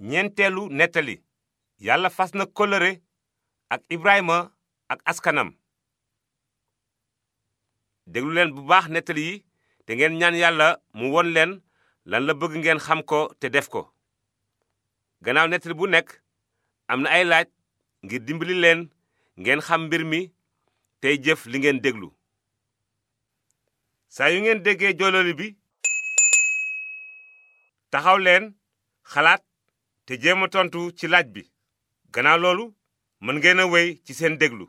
ñeenteelu nettali yàlla fas na kóllëre ak ibrahima ak askanam déglu leen bu baax nettali yi te ngeen ñaan yàlla mu won leen lan la bëgg ngeen xam ko te def ko gannaaw nettali bu nekk am na ay laaj ngir dimbali leen ngeen xam mbir mi tey jëf li ngeen déglu saa yu ngeen déggee jololi bi taxaw leen xalaat te jéem a tontu ci laaj bi gannaaw loolu mën ngeen a wéy ci seen déglu